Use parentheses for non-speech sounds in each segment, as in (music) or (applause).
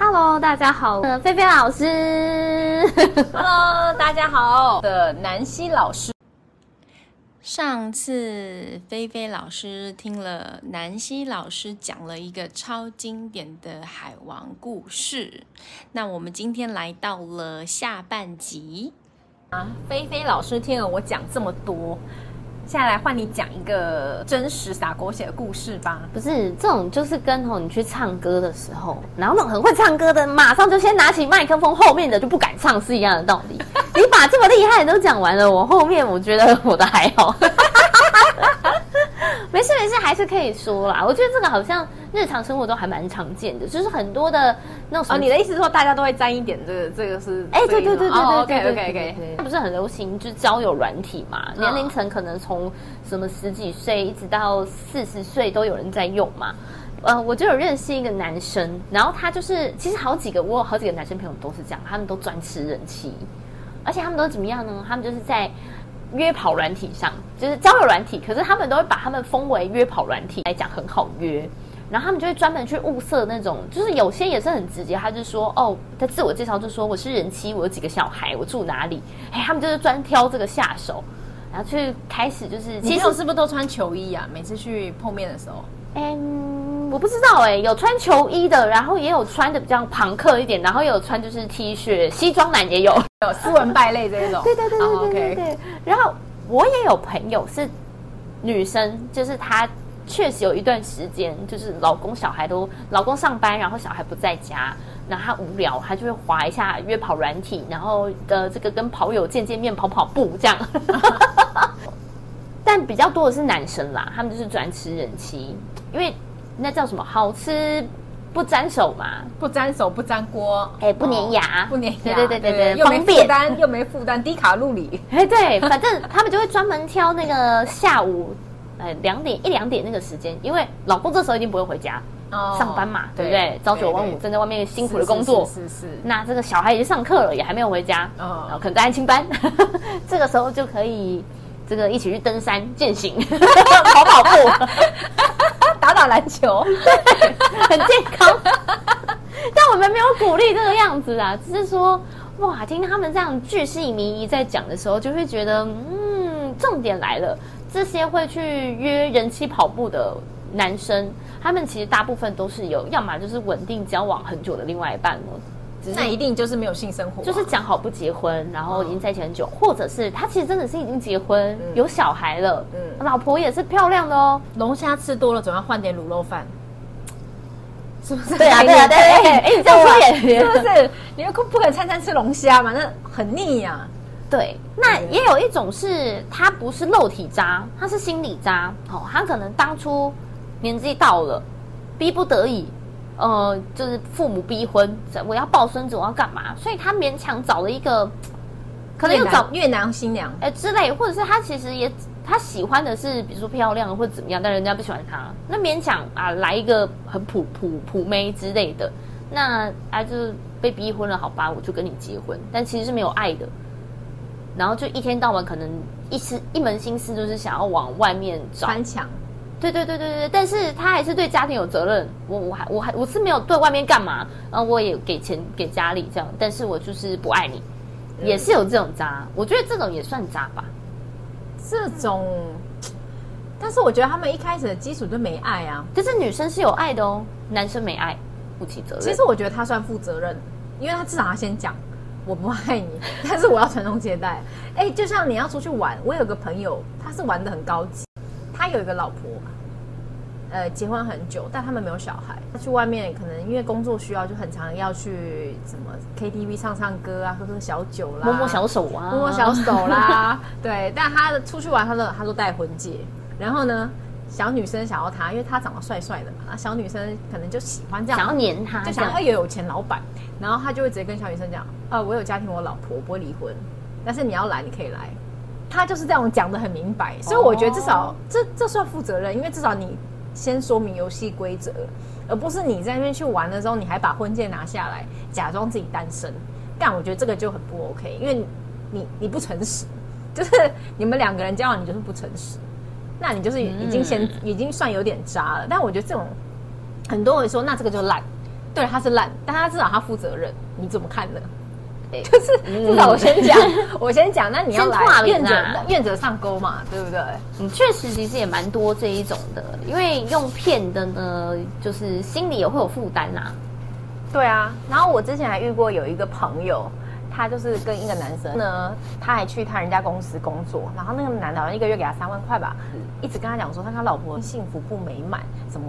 哈嘍，大家好。呃，菲菲老師，哈嘍 (laughs) 大家好。我是南希老師。上次菲菲老師聽了南希老師講了一個超經典的海王故事，那我們今天來到了下半集。啊，菲菲老師聽了我講這麼多。下來換你講一個真實灑狗血的故事吧，不是這種，就是跟吼你去唱歌的時候，然後那種很會唱歌的，馬上就先拿起麥克風，後面的就不敢唱是一樣的道理。 (laughs) 你把這麼厲害的都講完了，我後面我覺得我的還好， (laughs) (laughs) 沒事沒事，還是可以說啦。我覺得這個好像。日常生活中還蠻常見的，就是很多的那種哦、啊、你的意思是說，大家都會沾一點、這個？這這個是哎、欸，對對對對對對,對,對,對,對,對、哦、，OK OK OK，它不是很流行，就是交友軟體嘛。啊、年齡層可能從什麼十幾歲一直到四十歲都有人在用嘛。呃，我就有認識一個男生，然後他就是其實好幾個我有好幾個男生朋友都是這樣，他們都專吃人妻，而且他們都怎麼樣呢？他們就是在約跑軟體上，就是交友軟體，可是他們都會把他們封為約跑軟體來講很好約。然後他們就會專門去物色那種，就是有些也是很直接，他就說：“哦，他自我介紹就說我是人妻，我有幾個小孩，我住哪裡。”哎，他們就是專挑這個下手，然後去開始就是。其實你我是不是都穿球衣啊？每次去碰面的時候。嗯，我不知道哎、欸，有穿球衣的，然後也有穿的比較龐克一點，然後也有穿就是 T 恤，西裝男也有，有斯文敗類這一種。 (laughs) 對對對對對，Oh, okay. 對對對對對。然後我也有朋友是女生，就是她。確實有一段時間，就是老公小孩都老公上班，然後小孩不在家，然後他無聊，他就會滑一下約跑軟體，然後呃，這個跟跑友見見面，跑跑步這樣。啊、 (laughs) 但比較多的是男生啦，他們就是專吃人妻，因為那叫什麼，好吃不沾手嘛，不沾手不沾鍋，哎、欸，不粘牙不粘牙，哦、牙，對對對對對對，又沒負擔 (laughs) 又沒負擔，低卡路里，哎、 (laughs) 欸、對，反正他們就會專門挑那個下午，哎、嗯，兩點一兩點那個時間，因為老公這時候一定不會回家，oh, 上班嘛，對，對不對？朝九晚五，正在外面是辛苦的工作。是是。是是是那這個小孩已經上課了，也還沒有回家，啊，oh. 可能在安親班。 (laughs) 這個時候就可以這個一起去登山、健行、 (laughs) 跑跑步、 (laughs) 打打籃球， (laughs) 對很健康。 (laughs) (laughs) 但我們沒有鼓勵這個樣子啊，只是說，哇，聽他們這樣巨細靡遺在講的時候，就會覺得，嗯，重點來了。這些會去約人妻跑步的男生，他們其實大部分都是有，要麼就是穩定交往很久的另外一半了。那一定就是沒有性生活，就是講好不結婚，然後已經在一起很久，或者是他其實真的是已經結婚，有小孩了，老婆也是漂亮的哦。龍蝦吃多了總要換點滷肉飯，是不是？對啊對啊對，哎，哎，你這樣說也，是不是？你又不可能餐餐吃龍蝦嘛，那很膩呀。對，那也有一種是，他不是肉體渣，他是心理渣哦。他可能當初年紀到了，逼不得已，呃，就是父母逼婚，我要抱孫子，我要幹嘛？所以他勉強找了一個，可能又找越南，越南新娘哎之類，或者是他其實也他喜歡的是，比如說漂亮或怎麼樣，但人家不喜歡他，那勉強啊來一個很普普普妹之類的，那啊就被逼婚了，好吧，我就跟你結婚，但其實是沒有愛的。然後就一天到晚可能一絲一門心思就是想要往外面找穿牆，對對對對對。但是他還是對家庭有責任。我我還我還我是沒有對外面幹嘛，然後我也給錢給家裡這樣。但是我就是不愛你，嗯、也是有這種渣，我覺得這種也算渣吧。這種，嗯、但是我覺得他們一開始的基礎就沒愛啊，就是女生是有愛的哦，男生沒愛，不起責任。其實我覺得他算負責任，因為他至少他先講。我不愛你，但是我要傳宗接代。哎、欸，就像你要出去玩，我有個朋友，他是玩得很高級，他有一個老婆，呃，結婚很久，但他們沒有小孩。他去外面可能因為工作需要，就很常要去什麼 KTV 唱唱歌啊，喝喝小酒啦，摸摸小手啊，摸摸小手啦。 (laughs) 對，但他的出去玩他都，他說他說戴婚戒，然後呢？小女生想要他，因為他長得帥帥的嘛。那小女生可能就喜歡這樣，想要黏他，就想要有有錢老板。對然後他就會直接跟小女生講、呃：“我有家庭，我老婆我不會離婚。但是你要來，你可以來。”他就是這樣講得很明白，所以我覺得至少、oh. 這這算負責任，因為至少你先說明遊戲規則，而不是你在那邊去玩的時候，你還把婚戒拿下來，假裝自己單身。但我覺得這個就很不 OK，因為你你不誠實，就是你們兩個人交往，你就是不誠實。那你就是已經先、嗯、已經算有點渣了，但我覺得這種很多人說那這個就爛，對，他是爛，但他至少他負責任，你怎麼看呢？對就是、嗯、至少我先講， (laughs) 我先講，那你要來，願、啊、者願者上鈎嘛，對不對？嗯，確實，其實也蠻多這一種的，因為用騙的呢，就是心裡也會有負擔啊。對啊，然後我之前還遇過有一個朋友。他就是跟一個男生呢，他還去他人家公司工作，然後那個男的好像一個月給他三萬塊吧，一直跟他講說他跟他老婆幸福不美滿，什麼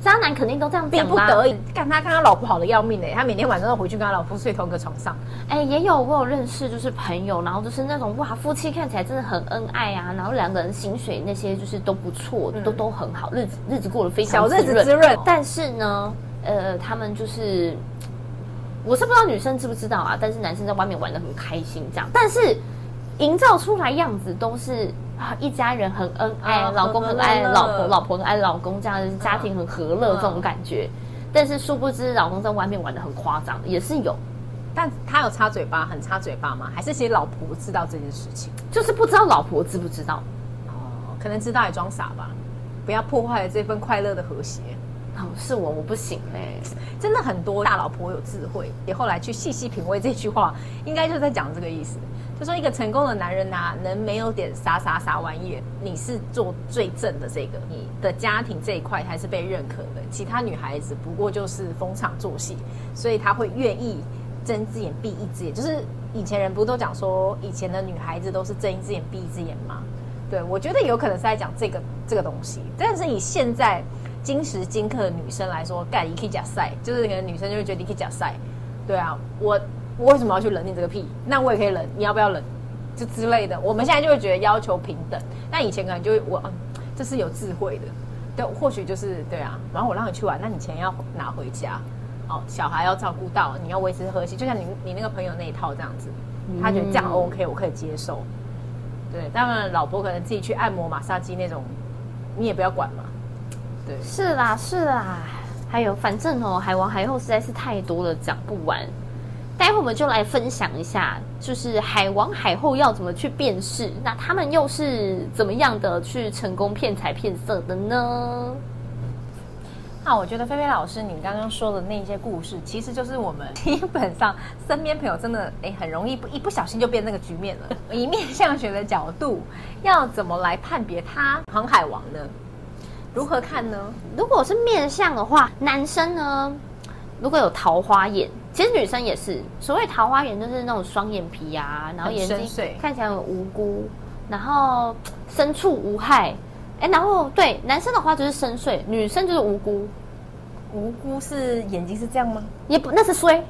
渣男肯定都這樣子逼不得已幹他，幹他老婆好的要命哎、欸，他每天晚上都回去跟他老婆睡同一個床上，哎、欸、也有我有認識就是朋友，然後就是那種哇夫妻看起來真的很恩愛啊，然後兩個人薪水那些就是都不錯，嗯、都都很好，日子日子過得非常小日子滋潤，但是呢，呃他們就是。我是不知道女生知不知道啊，但是男生在外面玩得很開心，這樣，但是營造出來樣子都是啊，一家人很恩愛，老公很愛老婆，老婆很愛老公，這樣、啊、家庭很和樂這種感覺。嗯、但是殊不知，老公在外面玩得很誇張，也是有。但他有插嘴巴，很插嘴巴嗎？還是其實老婆知道這件事情，就是不知道老婆知不知道？哦，可能知道也裝傻吧，不要破壞了這份快樂的和諧。哦，是我，我不行嘞、欸，欸、真的很多大老婆有智慧。你後來去細細品味這句話，應該就是在講這個意思。他說一個成功的男人吶、啊，能沒有點啥啥啥玩意兒，你是做最正的這個，你的家庭這一塊還是被認可的。其他女孩子不過就是逢場作戲，所以他會願意睜一隻眼閉一隻眼。就是以前人不都講說，以前的女孩子都是睜一隻眼閉一隻眼嗎？對，我覺得有可能是在講這個這個東西，但是你現在。今時今刻的女生來說干一 K 假賽，就是可能女生就會覺得一 K 假賽。對啊我，我為什麼要去冷你這個屁？那我也可以冷，你要不要冷？就之類的，我們現在就會覺得要求平等，但以前可能就會我，這是有智慧的，對，或許就是對啊，然後我讓你去玩，那你錢要拿回家，哦，小孩要照顧到，你要維持和諧，就像你你那個朋友那一套這樣子，他覺得這樣 OK，我可以接受，對，當然老婆可能自己去按摩、馬殺雞那種，你也不要管嘛。對是啦，是啦，還有，反正哦，海王海後實在是太多了，講不完。待會我們就來分享一下，就是海王海後要怎麼去辨識，那他們又是怎麼樣的去成功騙財騙色的呢？那我覺得菲菲老師，你剛剛說的那些故事，其實就是我們基本上身邊朋友真的哎，很容易不一不小心就變那個局面了。以 (laughs) 面相學的角度，要怎麼來判別他航海王呢？如何看呢？如果是面相的話，男生呢，如果有桃花眼，其實女生也是。所謂桃花眼，就是那種雙眼皮啊，然後眼睛看起來很無辜，然後人畜無害。哎、欸，然後對男生的話就是深邃，女生就是無辜。無辜是眼睛是這樣嗎？也不，那是衰，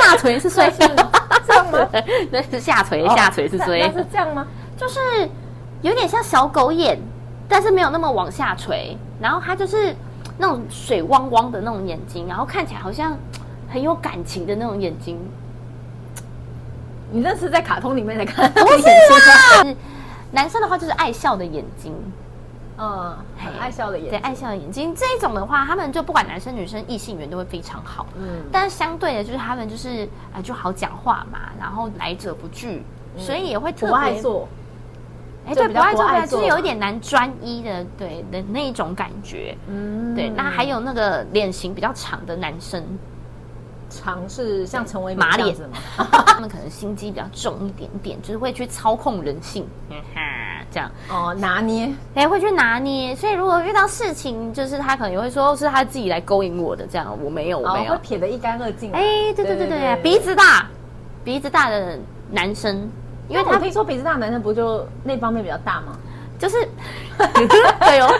下垂是衰，是這樣嗎？那是下垂，下垂是衰，哦、是這樣嗎？就是有點像小狗眼。但是沒有那麼往下垂，然後他就是那種水汪汪的那種眼睛，然後看起來好像很有感情的那種眼睛。你那是在卡通裡面那看我也。 (laughs) 是、啊、 (laughs) 男生的話就是愛笑的眼睛，嗯，很愛笑的眼睛，對，愛笑的眼睛 (laughs) 這一種的話，他們就不管男生女生，異性緣都會非常好。嗯，但相對的，就是他們就是啊、呃，就好講話嘛，然後來者不拒，嗯、所以也會特愛做哎，對不愛做，欸、不愛做就是有一點難專一的，對的那一種感覺。嗯，對，那還有那個臉型比較長的男生，嗯、長是像成為馬臉，他們可能心機比較重一點點，就是會去操控人性，呵呵這樣哦拿捏，哎會去拿捏。所以如果遇到事情，就是他可能也會說是他自己來勾引我的，這樣我沒有我沒有、哦、會撇得一乾二淨。哎、欸，對對對對，對、啊，對對對，鼻子大，鼻子大的男生。因為他聽說鼻子大男生不就那方面比較大嗎？就是， (laughs) 對哦，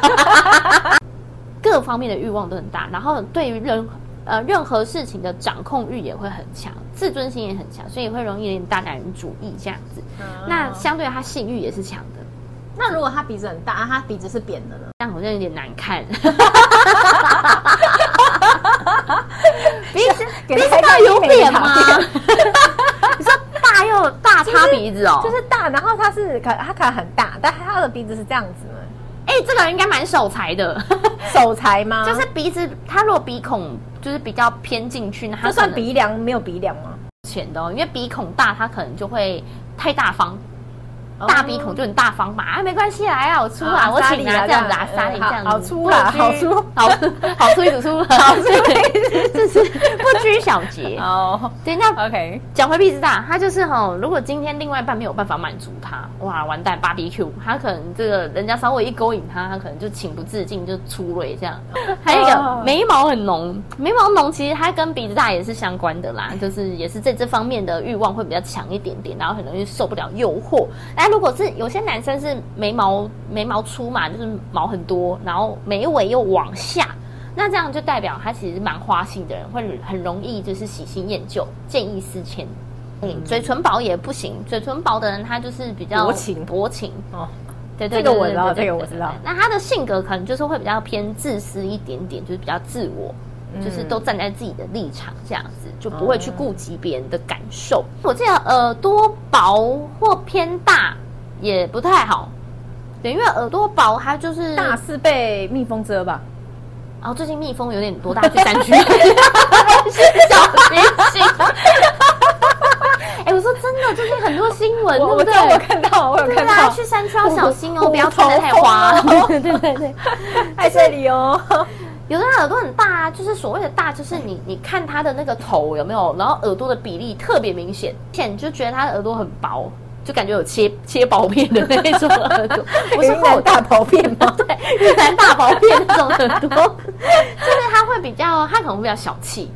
(laughs) 各方面的慾望都很大，然後對於任呃任何事情的掌控慾也會很強，自尊心也很強，所以也會容易有點大男人主義這樣子。啊、那相對他性慾也是強的。那如果他鼻子很大，啊、他鼻子是扁的呢？這樣好像有點難看。鼻子鼻子大有扁嗎？ (laughs) 大插鼻子哦、就是，就是大，然後它是可它可能很大，但它的鼻子是這樣子的。哎、欸，這個人應該蠻守財的， (laughs) 守財嗎？就是鼻子，他如果鼻孔就是比較偏進去，那他算鼻樑沒有鼻樑嗎？淺的，因為鼻孔大，他可能就會太大方。大鼻孔就很大方嘛啊、哎，沒關係，來啊，我出啊，啊我請拿啊，這樣子啊，啊，沙你這樣子，嗯、好粗啊，好粗、啊，好粗，一直粗，好粗、啊，一直粗，對這是不拘小節哦。人家 OK 講回鼻子大，他就是哈，如果今天另外一半沒有辦法滿足他，哇，完蛋，B B Q，他可能這個人家稍微一勾引他，他可能就情不自禁就出位這樣。還有一個、哦、眉毛很濃，眉毛濃其實他跟鼻子大也是相關的啦，就是也是在這方面的慾望會比較強一點點，然後很容易受不了誘惑，但。如果是有些男生是眉毛、眉毛粗嘛，就是毛很多，然後眉尾又往下，那這樣就代表他其實蠻花心的人，會很容易就是喜新厭舊、見異思遷。嗯，嘴唇薄也不行，嘴唇薄的人他就是比較薄情，薄情哦。對對對，對，對，對，對，對，對，對，這個我知道，這個我知道。那他的性格可能就是會比較偏自私一點點，就是比較自我。嗯、就是都站在自己的立場，這樣子就不會去顧及別人的感受。嗯、我記得耳朵薄或偏大也不太好，等於耳朵薄它就是大是被蜜蜂蟄吧？哦，最近蜜蜂有點多，大去山區 (laughs) 對小心小哎，我說真的，最近很多新聞，對不對？我看到，我有看到，啊、去山區要小心哦，不要穿太花。啊、然後 對對對，就愛這裡哦。有的耳朵很大啊，就是所謂的大，就是你你看他的那個頭有沒有，然後耳朵的比例特別明顯，你就覺得他的耳朵很薄，就感覺有切切薄片的那一種耳朵，不是有大薄片嗎？對，越南大薄片那種耳朵， (laughs) 就是他會比較，他可能會比較小氣，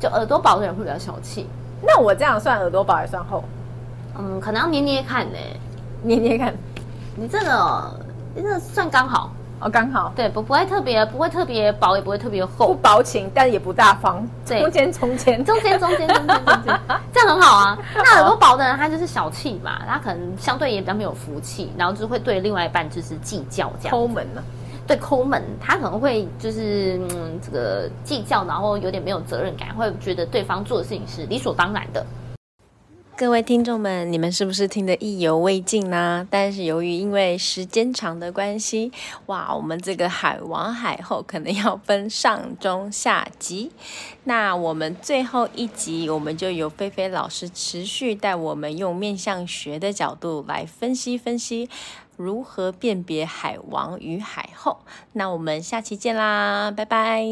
就耳朵薄的人會比較小氣。那我這樣算耳朵薄還是算厚？嗯，可能要捏捏看呢，捏捏看，你這個，你這個算剛好。哦，剛好對，不不會特別不會特別薄，也不會特別厚，不薄情，但也不大方，對中間中間中間 (laughs) 中間中間。這樣很好啊。那耳朵薄的人，他就是小氣嘛，他可能相對也比較沒有福氣，然後就是會對另外一半就是計較這樣。摳門呢？對，摳門，他可能會就是、嗯、這個計較，然後有點沒有責任感，會覺得對方做的事情是理所當然的。各位聽眾們，你們是不是聽得意猶未盡呢？但是由於因為時間長的關係，哇，我們這個海王海後可能要分上中下集。那我們最後一集，我們就由菲菲老師持續帶我們用面相學的角度來分析分析，如何辨別海王與海後。那我們下期見啦，拜拜。